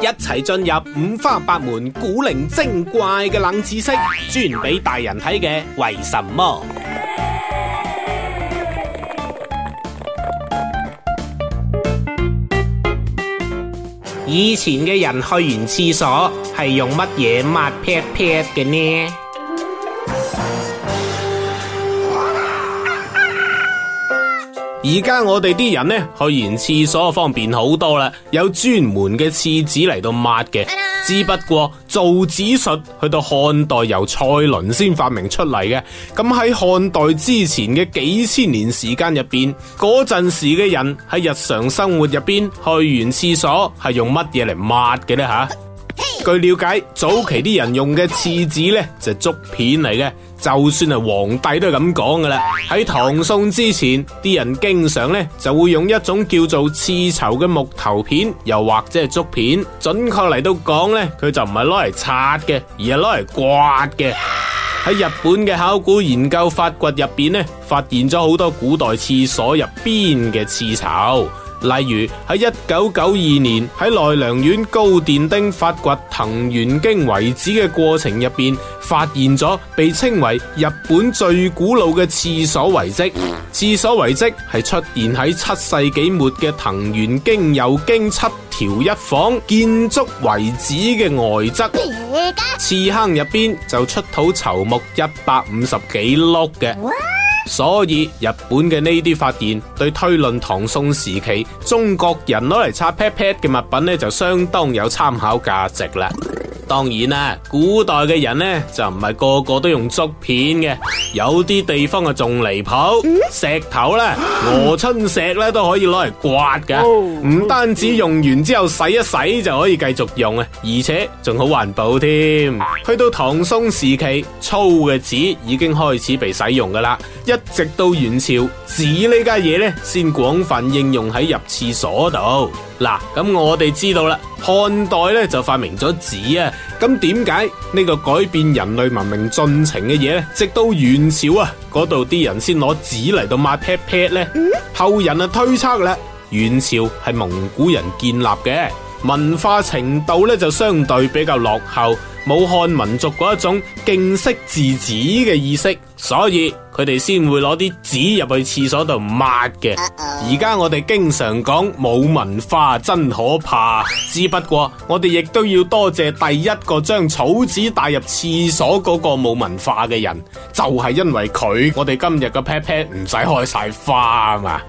一齊進入五花八門古靈精怪嘅冷知識，專俾大人睇嘅。為什麼 以前嘅人去完廁所係用乜嘢抹屁屁嘅呢？而家我哋啲人呢，去完廁所方便好多啦，有專門嘅廁紙嚟到抹嘅。只不過造紙術去到漢代由蔡倫先發明出嚟嘅。咁喺漢代之前嘅幾千年時間入邊，嗰陣時嘅人喺日常生活入邊去完廁所係用乜嘢嚟抹嘅呢？吓？據了解，早期啲人用嘅廁紙呢，就係、是、竹片嚟嘅，就算係皇帝都係咁講噶啦。喺唐宋之前，啲人經常呢就會用一種叫做廁籌嘅木頭片，又或者係竹片。準確嚟到講呢，佢就唔係攞嚟擦嘅，而係攞嚟刮嘅。喺日本嘅考古研究發掘入邊呢，發現咗好多古代廁所入邊嘅廁籌。例如喺一九九二年喺奈良縣高殿町發掘藤原京遺址嘅過程入邊，發現咗被稱為日本最古老嘅廁所遺跡。廁所遺跡係出現喺七世紀末嘅藤原京右京七條一房建築遺址嘅外側，廁坑入邊就出土籌木一百五十幾碌嘅。所以日本嘅呢啲發現，對推論唐宋時期中國人攞嚟擦 pat pat 嘅物品呢，就相當有參考價值啦。當然啦，古代嘅人呢就唔係個個都用竹片嘅，有啲地方啊仲離譜，石頭咧、鵝春石咧都可以攞嚟刮噶，唔單止用完之後洗一洗就可以繼續用啊，而且仲好環保添。去到唐宋時期，粗嘅紙已經開始被使用噶啦，一直到元朝，紙呢家嘢，呢先廣泛應用喺入廁所度。嗱，咁我哋知道啦。漢代咧就發明咗紙啊，咁點解呢個改變人類文明進程嘅嘢咧，直到元朝啊嗰度啲人先攞紙嚟到抹 pat pat 咧，後人啊推測啦，元朝係蒙古人建立嘅。文化程度咧就相對比較落後，冇漢民族嗰一種敬惜字紙嘅意識，所以佢哋先會攞啲紙入去廁所度抹嘅。而家、uh oh. 我哋經常講冇文化真可怕，只不過我哋亦都要多謝，謝第一個將草紙帶入廁所嗰個冇文化嘅人，就係、是、因為佢，我哋今日嘅 pat pat 唔使開晒花啊嘛。